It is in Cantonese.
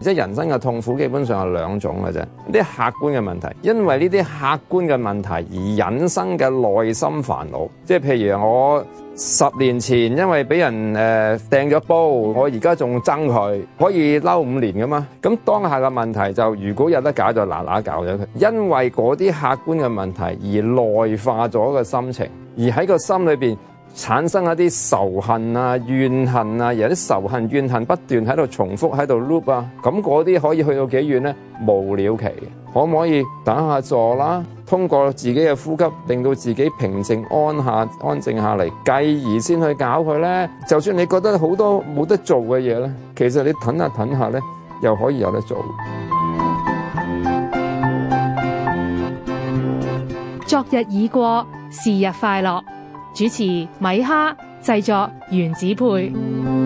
即係人生嘅痛苦，基本上係兩種嘅啫。啲客觀嘅問題，因為呢啲客觀嘅問題而引生嘅內心煩惱，即係譬如我十年前因為俾人誒、呃、訂掟咗煲，我而家仲憎佢，可以嬲五年噶嘛。咁當下嘅問題就，如果有得搞，就嗱嗱搞咗佢，因為嗰啲客觀嘅問題而內化咗個心情，而喺個心裏邊。產生一啲仇恨啊、怨恨啊，有啲仇恨、怨恨不斷喺度重複喺度 loop 啊，咁嗰啲可以去到幾遠咧？無了期，可唔可以打下坐啦？通過自己嘅呼吸，令到自己平靜安下、安靜下嚟，繼而先去搞佢咧。就算你覺得好多冇得做嘅嘢咧，其實你揼下揼下咧，又可以有得做。昨日已過，是日快樂。主持米哈，製作原子配。